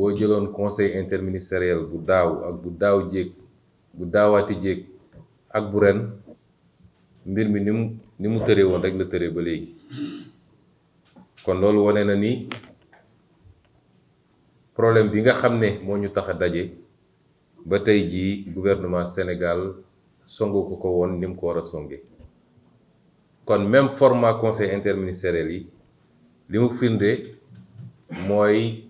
bo jëloon conseil interministériel bu daw ak bu daw jek bu dawati jek ak bu ren mbir mi nim nimu téré won rek la téré ba légui kon loolu woné na ni problème bi nga xamné ne ñu taxa dajé ba tay ji gouvernement Sénégal songu ko ko won nim ko wara songé songe kon même format conseil interministériel yi limu findé moy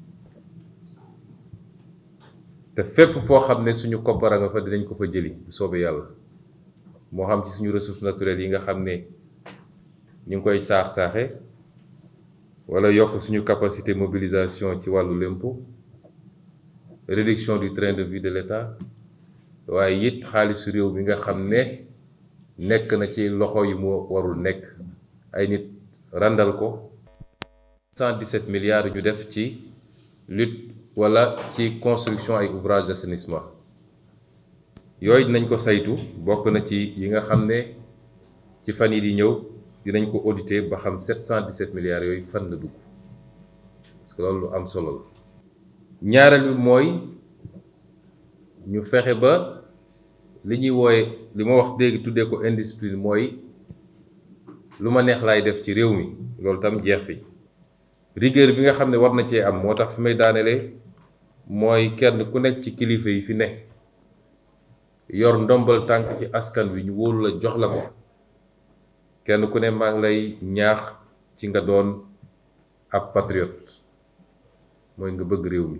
te fépp foo xam ne suñu koppara nga fa dinañ ko fa jëli bu soobee yàlla moo xam ci suñu ressources naturelles yi nga xam ne ñu ngi koy saax saaxe wala yokk suñu capacité mobilisation ci wàllu l'impôt réduction du train de vie de l'État waaye it xaalisu réew bi nga xam ne nekk na ci loxo yi mu warul nekk ay nit randal ko cent 117 milliards ñu def ci lutte wala ci construction ay ouvrage d'assainissement yooyu dinañ ko saytu bokk na ci yi nga xam ne ci fan yi di ñëw dinañ ko auditer ba xam 717 milliards yooyu fan la dugg parce que loolu lu am solo la ñaareel bi mooy ñu fexe ba li ñuy wooye li ma wax léegi tuddee ko indiscipline mooy lu ma neex laay def ci réew mi loolu tam jeex fi rigueur bi nga xam ne war na cee am moo tax fi may daaneele mooy kenn ku nekk ci kilifa yi fi ne yor ndombal tànk ci askan wi ñu wóolu la jox la ko kenn ku ne maa ngi lay ñaax ci nga doon ab patriote mooy nga bëgg réew mi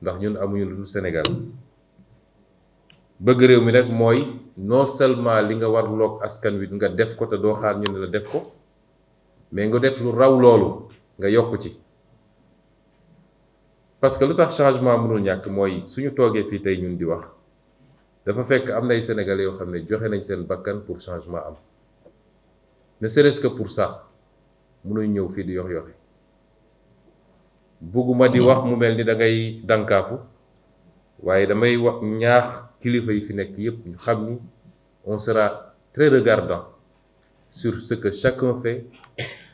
ndax ñun amuñu lu senegal Sénégal bëgg réew mi nag mooy non seulement li nga warloog askan wi nga def ko te doo xaar ñu ne la def ko mais nga def lu raw loolu nga yokk ci parce que lu tax changement mënul ñàkk mooy suñu toogee fii tey ñun di wax dafa fekk am na ay sénégalais yoo xam ne joxe nañ seen bakkan pour changement am ne serait pour ça mënuñ ñëw fii di yox yoxe bugguma di wax mu mel ni da ngay dànkaafu waaye damay wax ñaax kilifa yi fi nekk yépp ñu xam ni on sera très regardant sur ce que chacun fait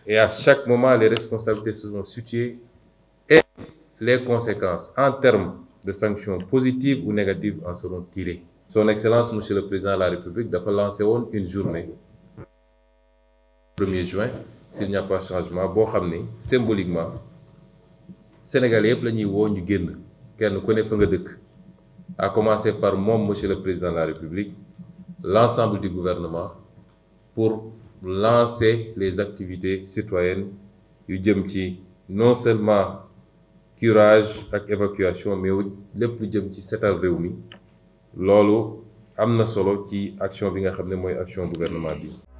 et à chaque moment, les responsabilités seront situées et les conséquences en termes de sanctions positives ou négatives en seront tirées. Son Excellence, Monsieur le Président de la République, d'après lancer une journée, le 1er juin, s'il n'y a pas de changement, bon, symboliquement, Sénégalais yëpp la ñu à commencer par moi, monsieur le président de la république l'ensemble du gouvernement pour lancer les activités citoyennes yu non seulement curage et évacuation mais le plus jëm c'est setal réunion. Lolo, amna am solo action bi action gouvernement